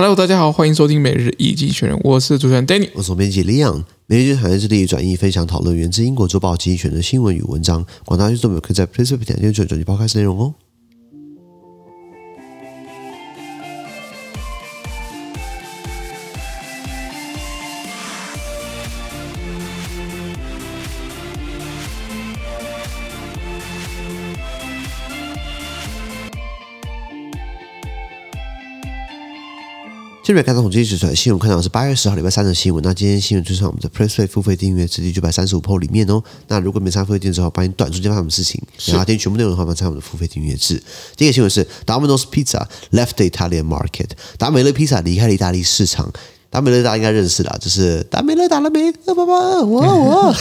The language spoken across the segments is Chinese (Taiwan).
Hello，大家好，歡迎收聽每日一經濟學人，我是主持人 Danny，我是總編輯 Leon。每日一經濟學人致力於轉譯、分享、討論源自英國《周報》《經濟學人》的新聞與文章，廣大聽眾們可以在 Facebook 點擊訂閱九九八開始內容哦。這邊看到統計學上的新聞，看到的是八月十號禮拜三的新聞。那今天的新聞就是我們的 PressPlay 付費訂閱制，第九百三十五 PO 裡面哦。那如果沒有參加付費訂閱制的話，幫你短時間辦什麼事情？你要聽全部內容的話，麻煩上我們的付費訂閱制。第一個新聞是 Domino's Pizza left the Italian market，達美樂披薩離開了意大利市場。達美樂大家應該認識啦，就是達美樂打了沒八八二五二五二，我我，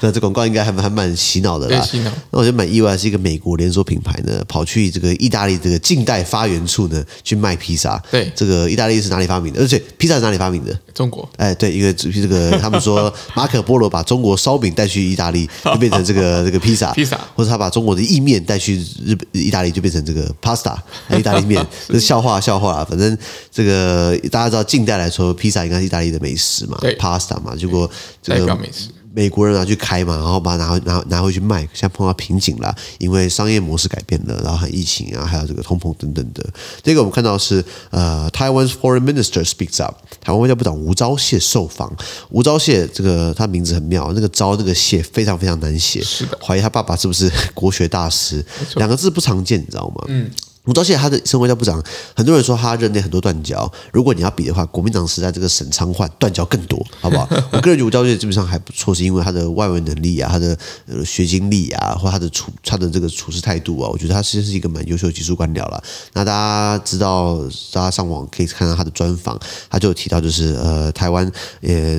那這廣告應該還還蠻洗腦的啦。洗腦。那我覺得蠻意外，是一個美國連鎖品牌呢，跑去這個意大利這個近代發源處呢去賣披薩。對，這個意大利是哪裡發明的？而且披薩是哪裡發明的？中國。哎、欸，對，因為這個他們說 馬可波羅把中國燒餅帶去意大利，就變成這個這個披薩。 披薩薩，或者他把中國的意面帶去日本、意大利，就變成這個 pasta 意大利麵。 是,是笑話，笑話啦。反正這個大家知道近代來說。披薩應該是意大利的美食嘛對，pasta 嘛，結果代表美食，美國人拿去開嘛，然後把它拿回拿拿回去賣，現在碰到瓶頸了啊，因為商業模式改變了，然後還有疫情啊，還有這個通膨等等的。這個我們看到的是呃台灣 Foreign Minister speaks up，台灣外交部長吳釗燮受訪，吳釗燮這個他名字很妙，那個釗那個燮，非常非常難寫，是的，懷疑他爸爸是不是國學大師，錯兩個字不常見，你知道嗎？嗯。我知道現在他的身為教部長，很多人說他任內很多斷交。如果你要比的話，國民黨時代這個沈昌煥斷交更多，好不好？我個人覺得吳釗燮基本上還不錯，是因為他的外圍能力啊，他的呃學經歷啊，或他的處他的這個處事態度啊，我覺得他其實是一個蠻優秀的技術官僚了。那大家知道，大家上網可以看到他的專訪，他就有提到，就是呃，台灣也、呃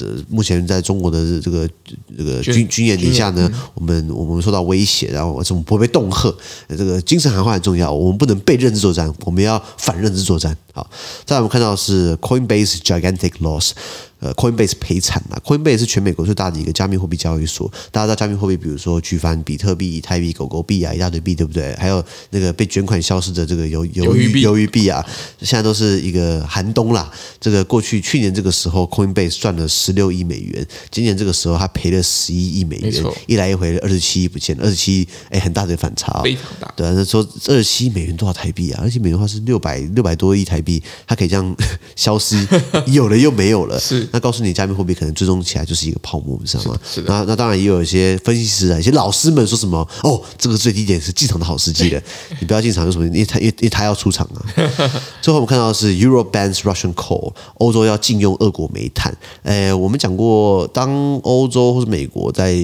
呃、目前在中國的這個這個軍軍演底下呢，營我們我們受到威脅，然後我們不會被恫嚇，這個精神喊話很重要。我。不能被認知作戰，我們要反認知作戰。好，再來我們看到的是 Coinbase Gigantic Loss。呃，Coinbase 賠慘了。嗯、Coinbase、啊、Coin 是全美國最大的一個加密貨幣交易所。大家知道加密貨幣，比如說舉凡、比特幣、以太幣、狗狗幣啊，一大堆幣，對不對？還有那個被捲款消失的這個魷魷魚魚幣啊，現在都是一個寒冬啦。這個過去去年這個時候，Coinbase 賺了十六億美元，今年這個時候它賠了十一億美元，錯一來一回二十七億不見了，二十七億哎，很大的反差啊、哦，非常大。對啊，那說二十七億美元多少台幣啊？而且美元的話是六百六百多億台幣，它可以這樣消失， 有了又沒有了，那告訴你，加密貨幣可能最終起來就是一個泡沫，你知道嗎？那那當然也有一些分析師啊，一些老師們說什麼哦，這個最低點是進場的好時機的， 你不要進場，有什麼？因為他因為他要出場啊。 最後我們看到的是 Europe bans Russian coal，歐洲要禁用俄國煤炭。哎、欸，我們講過，當歐洲或者美國在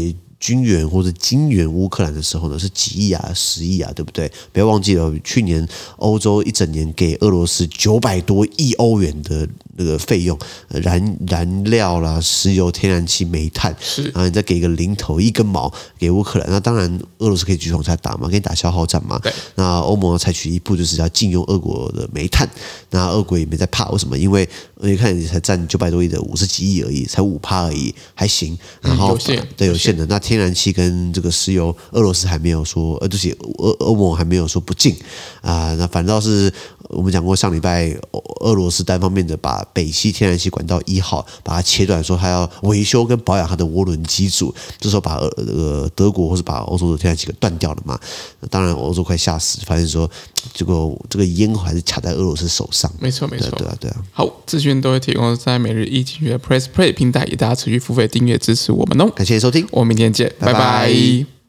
軍援或者金援烏克蘭的時候呢，是幾億啊，十億啊，對不對？不要忘記了，去年歐洲一整年給俄羅斯九百多億歐元的。這個費用，燃燃料啦，石油、天然氣、煤炭，是啊，你再給一個零頭一根毛給烏克蘭，那當然俄羅斯可以舉手手打嘛，給你打消耗戰嘛。對那歐盟採取一步就是要禁用俄國的煤炭，那俄國也沒在怕，為什麼？因為你看，你才占九百多億的五十幾億而已，才五趴而已，還行。然後、嗯就是呃、對有限的，就是、那天然氣跟這個石油，俄羅斯還沒有說，呃，就是俄歐盟還沒有說不禁啊、呃，那反倒是。我們講過，上禮拜俄羅斯單方面的把北溪天然氣管道一號把它切斷，說還要維修跟保養它的渦輪機組，這時候把俄呃德國或是把歐洲的天然氣給斷掉了嘛？當然歐洲快嚇死，發現說，結果這個這個咽喉還是卡在俄羅斯手上。沒錯沒錯，對啊對啊。對啊好，資訊都會提供在每日一經濟學人 Press Play 平台，也大家持續付費訂閱支持我們哦。感謝收聽，我們明天見，拜拜。拜拜。